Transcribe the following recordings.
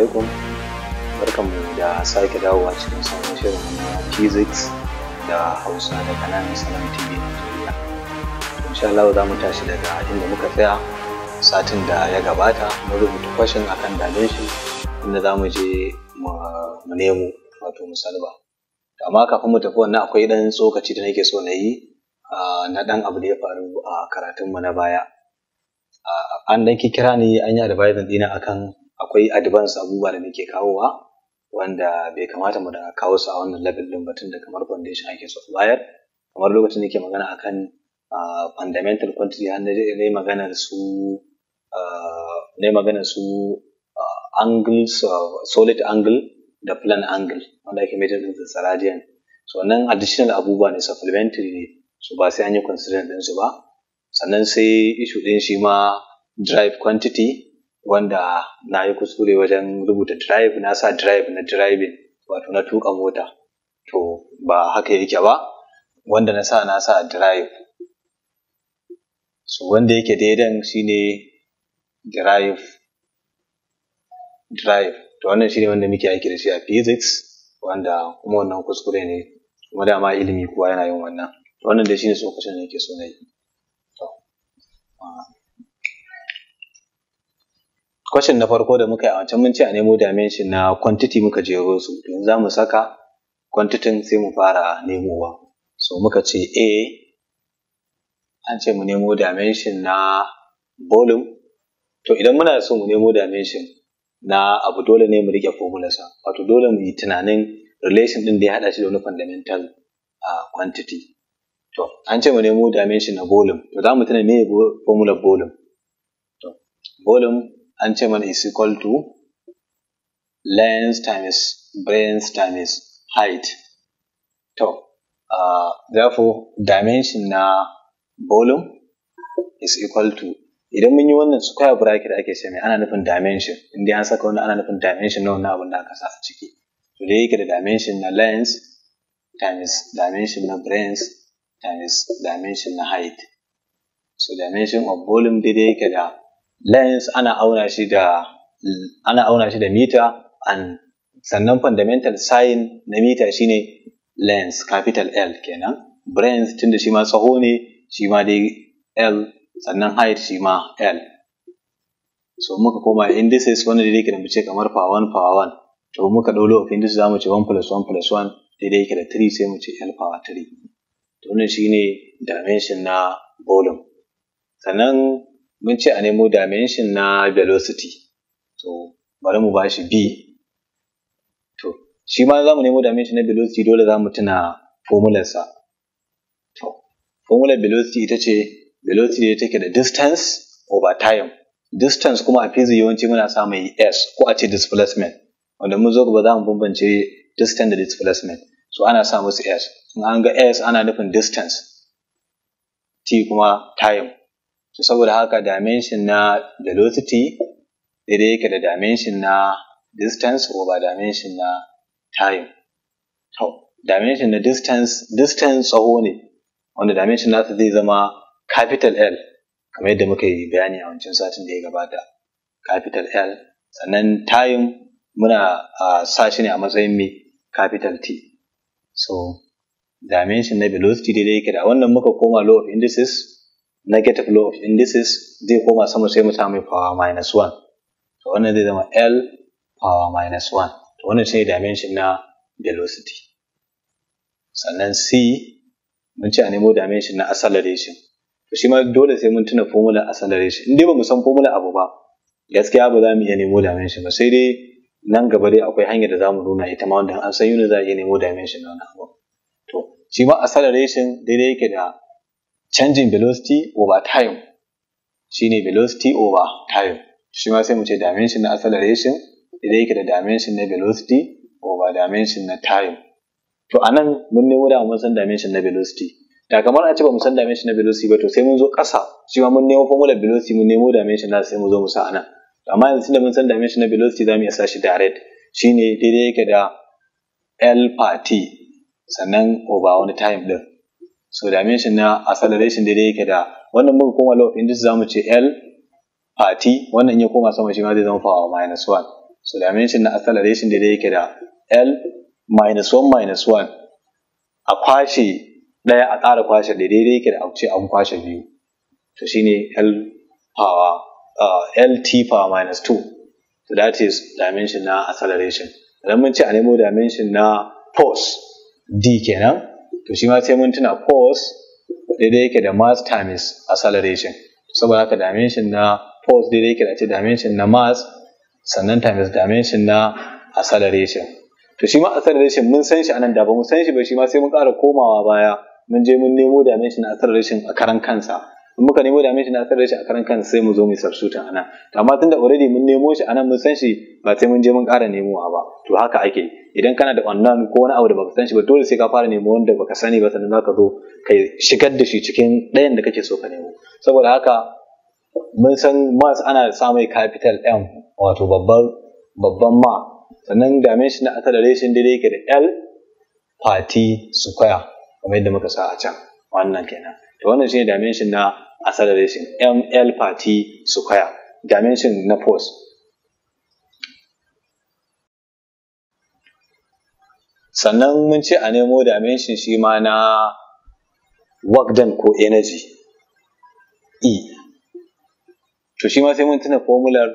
alaikum mu da sake a cikin sauran shirin physics da hausa da kananan salam tv nigeria insha Allah za mu tashi daga inda muka tsaya satin da ya gabata mu rubuta kwashin akan dalin shi inda za mu je mu nemo wato musalba amma kafin mu tafi wannan akwai dan tsokaci da nake so na yi na dan abu da ya faru a karatunmu na baya an dan kira ni an yi advising dina akan akwai advance abubuwa da nake kawowa wanda bai kamata mu da kawo su a wannan level din batun da kamar foundation ake so bayar kamar lokacin da ke magana akan ah, fundamental quantity har na magana su na yi maganar su ah, ah, angles solid angle da plan angle wanda ake meter din saradian so nan additional abubuwa ne supplementary ne so ba sai an yi consider ɗinsu ba sannan sai issue din shi ma drive quantity wanda na yi kuskure wajen rubuta drive na sa drive na driving wato na tuka mota to ba haka yake ba wanda na sa na sa drive so wanda yake daidan shine drive drive to wannan shine wanda muke aiki da shi a physics wanda kuma wannan kuskure ne kuma dama ilimi kuwa yana yin wannan to wannan da shine tsokacin da yake so na yi to kwashin na farko da muka yi a wancan mun ce a nemo dimension na quantity muka jero su yanzu za mu saka quantity sai mu fara nemowa so muka ce a an ce mu nemo dimension na volume to idan muna so mu nemo dimension na abu dole ne mu rike sa. wato dole mu yi tunanin relation din da ya haɗa shi da wani fundamental uh, quantity to an ce mu nemo dimension na volume to za mu tuna me formula volume to volume an ce mana is equal to length times breadth times height to uh, therefore dimension na volume is equal to idan mun yi wannan square bracket ake ce mai ana nufin dimension inda an saka wannan ana nufin dimension na wannan abin da aka sa a ciki to dai yake da dimension na length times dimension na breadth times dimension na height so dimension of volume dai yake da lens ana auna shi da ana auna shi da meter and sannan fundamental sign na mita shine lens capital L kenan brains tunda shi ma tsaho ne shi ma dai L sannan height shi ma L so muka koma indices wanda dai yake da muke kamar power 1 power 1 to muka ɗau of indices zamu ce 1 plus 1 plus 1 dai dai yake da 3 sai mu ce L power 3 to wannan shine dimension na volume sannan mun ce a nemo dimension na velocity to bari mu bashi b to shi ma za mu nemo dimension na velocity dole za mu tuna formula sa. to formula velocity ita ce velocity da take da distance over time distance kuma a physics yawanci muna sa mai s ko a ce displacement wanda mun zo gaba za mu bambance distance da displacement so ana sa musu s in an ga s ana nufin distance t kuma time saboda haka dimension na velocity daidai yake da dimension na distance over dimension na time to dimension na distance distance tsawo ne wanda dimension nasa zai zama capital L kamar yadda muka yi bayani a wancan satin da ya gabata capital L sannan time muna uh, sa shi ne a matsayin mai capital T so dimension na velocity daidai yake da wannan muka koma law of indices negative law of indices zai koma sama sai mu samu power minus 1 to wannan zai zama l power minus 1 to wannan shine dimension na velocity sannan c mun ce a nemo dimension na acceleration to shi ma dole sai mun tuna formula acceleration in dai ba mu san formula abu ba gaskiya ba za mu iya nemo dimension ba sai dai nan gaba dai akwai hanyar da za mu nuna ita ma wanda an san yuni za a iya nemo dimension na wannan abu to shi ma acceleration daidai yake da canjin velocity over time shine velocity over time shi ma sai mu ce dimension na acceleration idan yake da dimension na velocity over dimension na time to anan mun nemo da mun san dimension na velocity da kamar a ce ba mu san dimension na velocity ba to sai mun zo ƙasa shi ma mun nemo formula velocity mun nemo dimension na sai mu zo mu sa anan amma yanzu da mun san dimension na velocity za mu iya sa shi direct shine daidai yake da l per t sannan over wani time din so dimension na acceleration daidai yake da wannan muka koma law of indices zamu ce L a wannan ya koma sama shi ma zai zama power minus 1 so dimension na acceleration daidai yake da L minus 1 minus 1 a kwashe daya a tsara kwashe daidai da yake da a ce an kwashe biyu to shine L power uh, LT power minus 2 so that is dimension na acceleration idan mun ce a nemo dimension na force D kenan to shi ma sai mun tuna pause daidai yake da mass times acceleration saboda haka dimension na pause daidai yake da ce dimension na mass sannan times dimension na acceleration to shi ma acceleration mun san shi anan da ba mu san shi ba shi ma sai mun ƙara komawa baya mun je mun nemo dimension na acceleration a karan kansa in muka nemo da mishi na sarar shi a karan kan sai mu zo mu ta anan to amma tunda already mun nemo shi anan mun san shi ba sai mun je mun ƙara nemowa ba to haka ake idan kana da wannan ko wani abu da baka san shi ba dole sai ka fara nemo wanda baka sani ba sannan zaka zo kai shigar da shi cikin ɗayan da kake so ka nemo saboda haka mun san mas ana samun capital m wato babban babban ma sannan dimension na acceleration dai yake da l party square kamar yadda muka sa a can wannan kenan to wannan shine dimension na acceleration ml t square dimension na force sannan mun ce a nemo dimension shi ma na work done ko energy e to shi ma sai mun tuna formular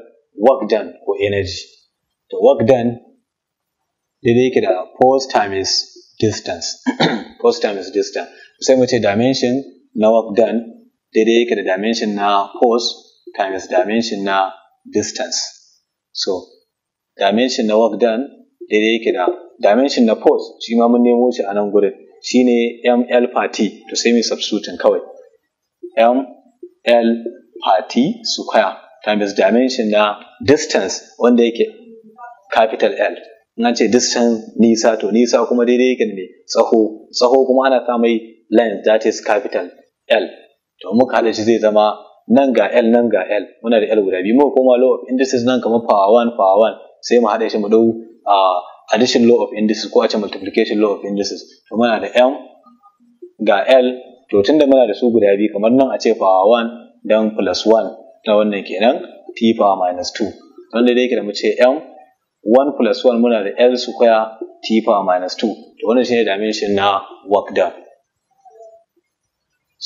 work done ko energy to work done daidai yake da force times distance force times distance sai mu ce dimension na work done daidai yake da dimension na force times dimension na distance so dimension na work done daidai yake da dimension na force shi ma mun nemo shi a nan gurin ne ml per t to sai mu substituting kawai ml per t square times dimension na distance wanda yake capital L. Na ce distance nisa to nisa kuma daidai yake ne tsaho, tsaho kuma ana samai length that is capital L. to muka haɗa shi zai zama nan ga L nan ga L muna da L guda biyu muka koma law of indices nan kamar power 1 power 1 sai mu haɗa shi mu dau ah, addition law of indices ko a ce multiplication law of indices to muna da M ga L to tunda muna da su guda biyu kamar nan a ce power 1 dan plus 1 na wannan kenan T power minus 2 wanda dai yake da mu ce M 1 plus 1 muna da L square t power minus 2 to wannan shine dimension na work done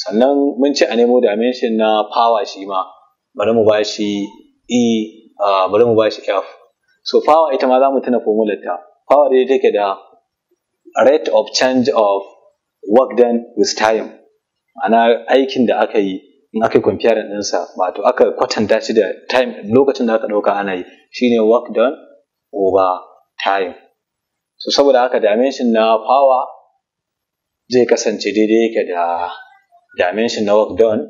sannan mun ce a nemo dimension na power shi ma bari mu bashi e bari mu bashi f so power ita ma za mu tuna formula ta power dai take da rate of change of work done with time ana aikin da aka yi in aka yi comparing ɗinsa wato aka kwatanta shi da time lokacin da aka ɗauka ana yi shine work done over time so saboda haka dimension na power zai kasance daidai yake da dimension na work done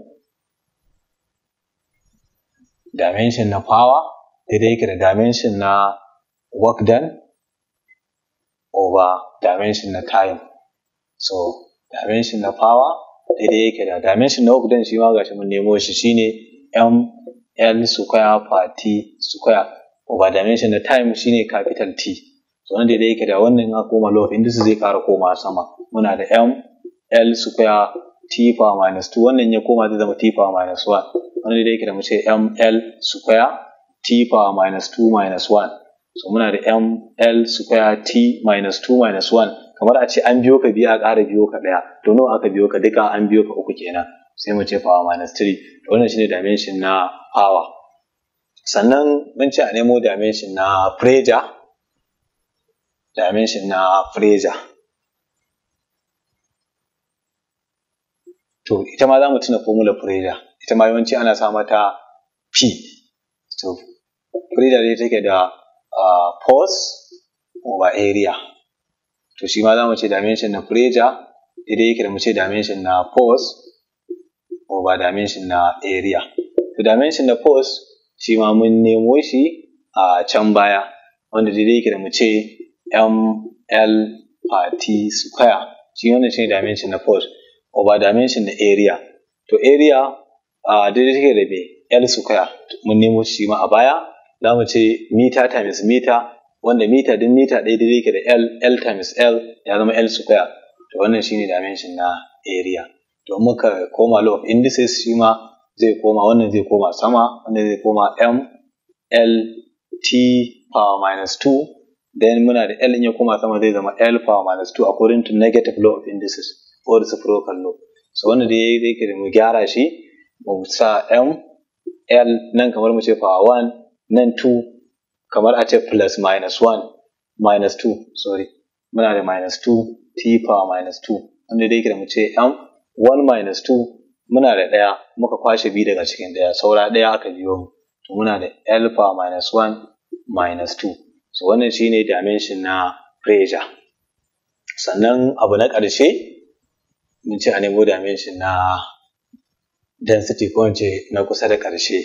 dimension na power daidai yake da dimension na work done over dimension na time so dimension na power daidai yake da dimension na work done shi ma gashi mun nemo shi shine m l square per t square over dimension na time shine capital t so wanda daidai yake da wannan ya koma low su zai kara koma sama muna da m l square t power minus 2 wannan ya koma zai zama t power minus 1 wannan da yake da mu ce ml square t power minus 2 minus 1 so muna da ml square t minus 2 minus 1 kamar a ce an biyo ka biya a ƙara biyo ka ɗaya to nawa aka biyo ka duka an biyo ka uku kenan sai mu ce power minus 3 to wannan shine dimension na power sannan mun ce a nemo dimension na pressure dimension na pressure to ita ma za mu tuna formula Freda ita ma yawanci ana sa mata P to Freda dai take da force over area to shi ma za mu ce dimension na pressure idan yake da mu ce dimension na force over dimension na area to dimension na force shi ma mun nemo shi a can baya wanda daidai yake da mu ce ml T square shi wannan shi ne dimension na force over dimension da area to area a daidai take da me l square mun nemo shi ma a baya za mu ce mita times mita wanda mita din mita ɗaya daidai yake da l l times l ya zama l square to wannan shine dimension na area to muka koma law of indices shi ma zai koma wannan zai koma sama wannan zai koma m l t power minus 2 then muna da l in ya koma sama zai zama l power minus 2 according to negative law of indices ko da sufuro kallo so wannan da yake da mu gyara shi mu sa m l nan kamar mu ce power 1 nan 2 kamar a ce plus minus 1 minus 2 sorry muna da minus 2 t power minus 2 wanda da yake da mu ce m 1 minus 2 muna da ɗaya muka kwashe biyu daga cikin ɗaya saura ɗaya aka biyo mu to muna da l power minus 1 minus 2 so wannan shine dimension na pressure sannan abu na ƙarshe mun ce a nemo dimension na density ko ce na kusa da ƙarshe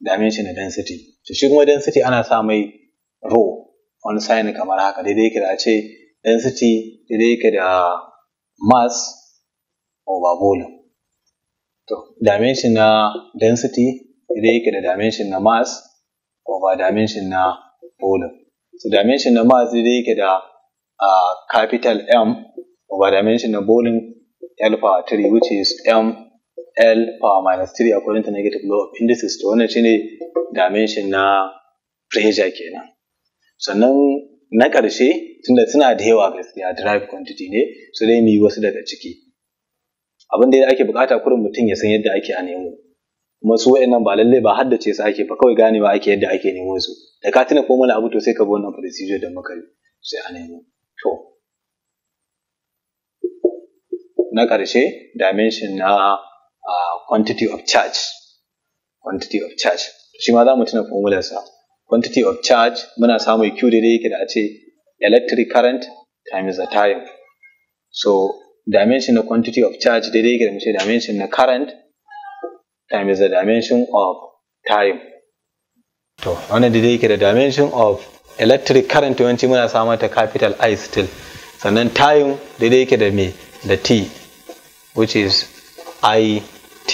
dimension na density to shi kuma density ana sa mai rho wani sign kamar haka daidai yake da a ce density daidai yake da mass over volume to dimension na density daidai yake da dimension na mass over dimension na volume so dimension na mass daidai yake da uh, capital M over dimension of bowling L power 3 which is M L power minus 3 according to negative law of indices to wannan shine dimension na pressure kenan sannan na ƙarshe tunda suna da yawa gaskiya drive quantity ne su dai mu wasu daga ciki abin da ake bukata kurin mutum ya san yadda ake a nemo kuma su wa'annan ba lallai ba haddace su ake ba kawai ganewa ake yadda ake nemo su da ka tuna ko mana abu to sai ka bi wannan procedure da muka yi sai a nemo na ƙarshe dimension na quantity of charge quantity of charge shi ma za mu tuna formularsa quantity of charge muna samun q daidai yake da a ce electric current times the time so dimension na quantity of charge daidai yake da mu ce dimension na current times the dimension of time to wannan daidai yake da dimension of electric current yawanci muna samun ta capital I still sannan time daidai yake da me da T which is IT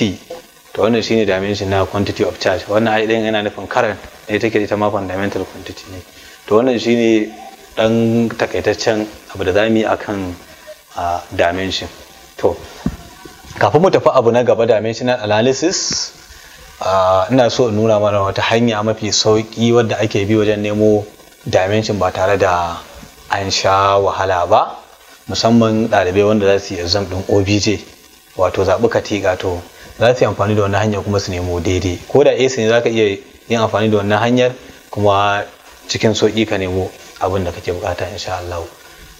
to wannan shine dimension na quantity of charge wannan ai din yana nufin current ne take da ita ma fundamental quantity ne to wannan shine dan takaitaccen abu da zamu yi akan dimension to kafin mu tafi abu na gaba dimensional analysis ina so in nuna mana wata hanya mafi sauki wadda ake bi wajen nemo dimension ba tare da an sha wahala ba musamman ɗalibai wanda za su yi exam ɗin obj wato zaɓi katiga to za su yi amfani da wannan hanyar kuma su nemo daidai ko da ac ne za ka iya yin amfani da wannan hanyar kuma cikin sauƙi ka nemo abin da kake bukata insha Allah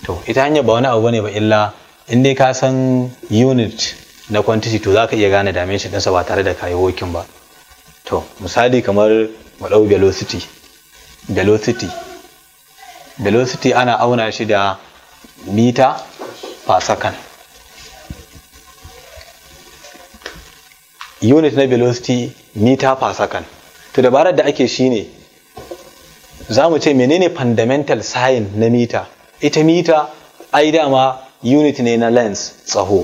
to ita hanyar ba wani abu ne ba illa in dai ka san unit na quantity to za ka iya gane dimension ɗinsa ba tare da kayi working ba to misali kamar mu ɗau velocity velocity velocity ana auna shi da mita per second unit na velocity mita per second to dabarar da ake shine za mu ce menene fundamental sign na mita ita mita ai dama unit ne na lens tsaho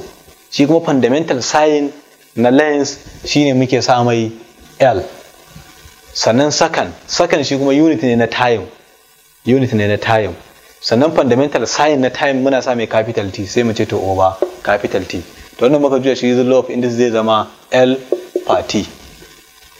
shi kuma fundamental sign na lens shine muke sa mai l sannan second second shi kuma unit ne na time unit ne na time sannan fundamental sign na time muna sa mai capital T sai mu ce to over capital T to wannan muka juya shi law of index zai zama L per T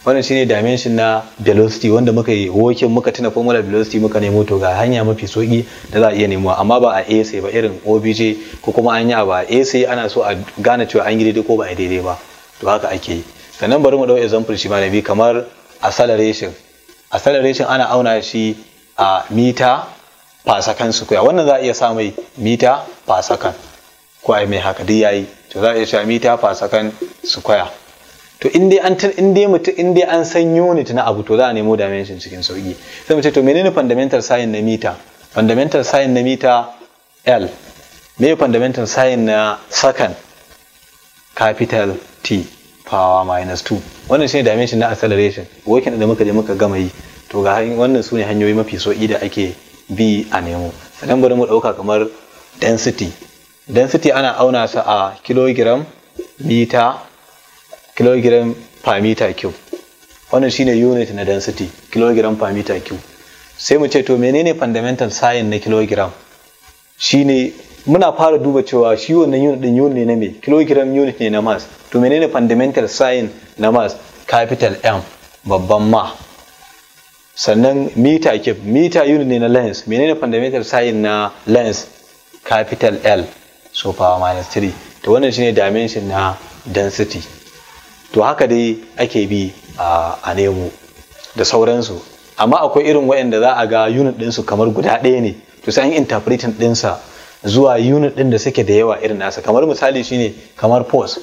wannan shine dimension na velocity wanda muka yi wokin muka tuna formula velocity muka nemo to ga hanya mafi soki da za a iya nemo amma ba a sai ba irin OBJ ko kuma an yi ba sai ana so a gane cewa an yi daidai ko ba a daidai ba to haka ake yi sannan bari mu dau example shi ma na bi kamar acceleration acceleration ana auna shi a mita fasakan square wannan za a iya sa mai mita fasakan ko ai mai haka duk yayi to za a iya cewa mita fasakan square to in dai an in dai mutum in dai an san unit na abu to za a nemo dimension cikin sauki sai mu ce to menene fundamental sign na mita fundamental sign na mita L me fundamental sign na second capital T power minus 2 wannan shine dimension na acceleration working da muka je muka gama yi to ga wannan sune hanyoyi mafi sauki da ake bi a nemo sannan bari mu ɗauka kamar density density ana auna sa a kilogram mita kilogram per meter cube wannan shine unit na density kilogram per meter cube sai mu ce to menene fundamental sign na kilogram shine muna fara duba cewa shi wannan unit din unit ne na me kilogram unit ne na mass to menene fundamental sign na mass capital M babban ma sannan mita cube mita unit ne na lens menene fundamental sign na lens capital L so power minus 3 to wannan shine dimension na density to haka dai ake bi a nemo da sauransu amma akwai irin waɗanda za a ga unit ɗinsu kamar guda ɗaya ne to sai an interpreting ɗinsa zuwa unit ɗin da suke da yawa irin nasa kamar misali shine kamar force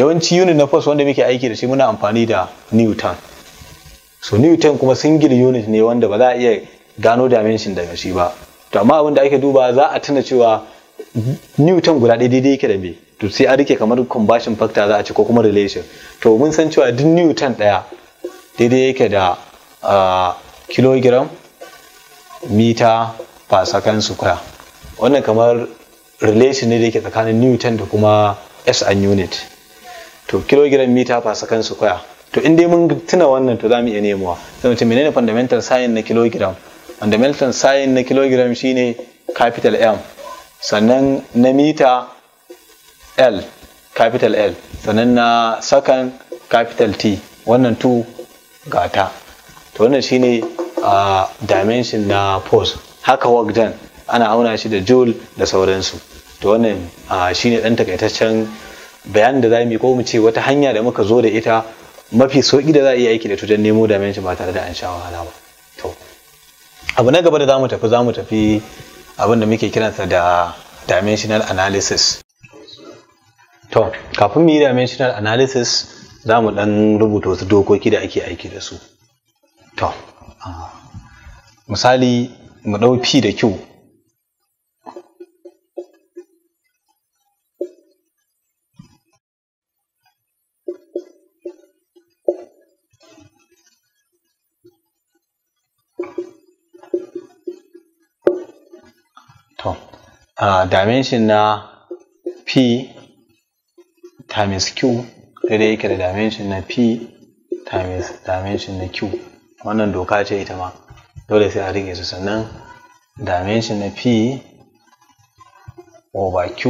yawanci unit na force wanda muke aiki da shi muna amfani da newton so newton kuma single unit ne wanda ba za a iya gano dimension daga shi ba to amma abin da ake duba za a tuna cewa newton guda ɗaya daidai yake da me to sai a rike kamar combustion factor za a ci ko kuma relation to mun san cewa duk newton ɗaya daidai yake da ah, kilogram mita per second square wannan kamar relation ne da yake tsakanin newton da kuma s an unit to kilogram mita per second square to in dai mun tuna wannan to za mu iya nemowa sai mu ce menene fundamental sign na kilogram fundamental sign na kilogram shine capital M sannan na mita L capital L sannan na second capital T wannan tu gata to wannan shine a dimension na force haka work done ana auna shi da joule da sauransu to wannan shine dan takaitaccen bayanin da za mu yi ko mu ce wata hanya da muka zo da ita mafi sauƙi da za a iya aiki da tutan nemo dimension ba tare da an sha wahala ba to abu na gaba da za mu tafi za mu tafi abin da muke kiransa da dimensional analysis to kafin mu yi dimensional analysis za mu ɗan rubuta wasu dokoki da ake aiki da su to misali mu ɗau p da q to a dimension na p times q daidai yake da dimension na p times dimension na q wannan doka ce ita ma dole sai a rike su sannan dimension na p over q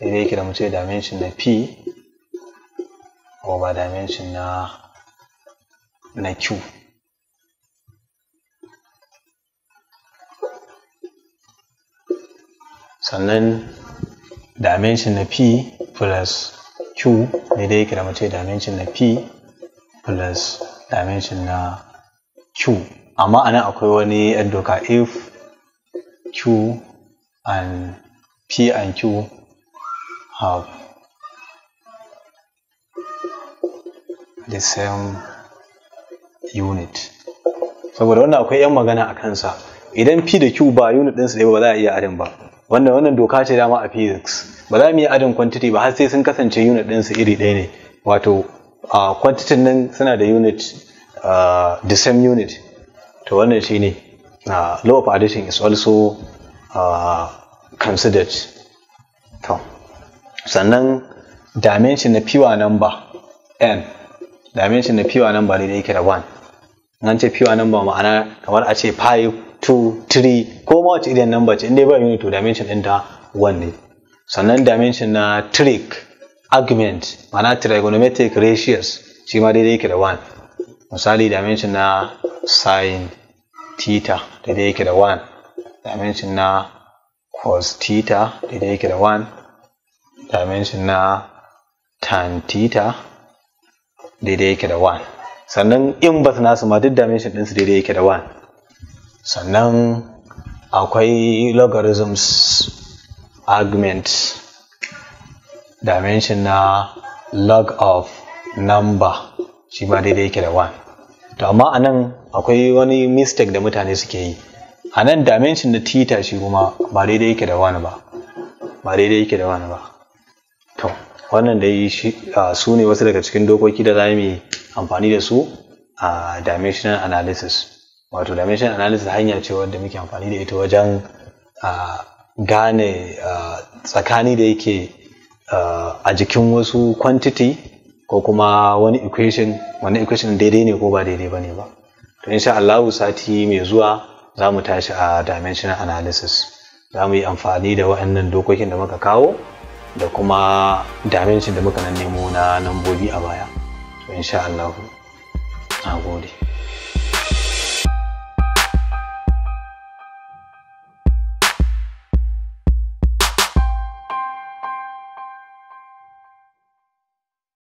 daidai yake da mu ce dimension na p over dimension na na q sannan dimension na p plus q ne dai yake da mace dimension na p plus dimension na q amma anan akwai wani yan doka if q and p and q have the same unit saboda wannan akwai yan magana a kansa idan p da q ba unit ɗinsu ne ba za a iya adin ba wannan wannan doka ce dama a physics ba za mu yi adding quantity ba har sai sun kasance unit ɗinsu iri ɗaya ne wato quantity nan suna da unit the same unit to wannan shi ne law of addition is also uh, considered to sannan dimension na pure number n dimension na pure number ne da yake da 1 an ce pure number ma'ana kamar a ce 5 2 3 ko ma wace irin number ce inda ba unit to dimension ɗinta 1 ne sannan dimension na trig argument ma'ana trigonometric ratios shi ma daidai yake da 1 misali dimension na sin theta daidai yake da 1 dimension na cos theta daidai yake da 1 dimension na tan theta daidai yake da 1 sannan in su nasu ma duk dimension ɗinsu daidai yake da 1 sannan akwai logarithms argument dimension na log of number shi ma daidai yake da 1 to amma a nan akwai wani mistake da mutane suke yi a nan dimension na theta shi kuma ba daidai yake da 1 ba ba daidai yake da 1 ba to wannan dai su ne wasu daga cikin dokoki da za mu amfani da su a dimensional analysis wato dimension analysis hanya ce wadda muke amfani da ita wajen gane tsakani da yake a jikin wasu quantity ko kuma wani equation wani equation daidai ne ko ba daidai ba ne ba to insha Allah sati mai zuwa za mu tashi a dimensional analysis za mu yi amfani da waɗannan dokokin da muka kawo da kuma dimension da muka nan nemo na nambobi a baya to insha Allah na gode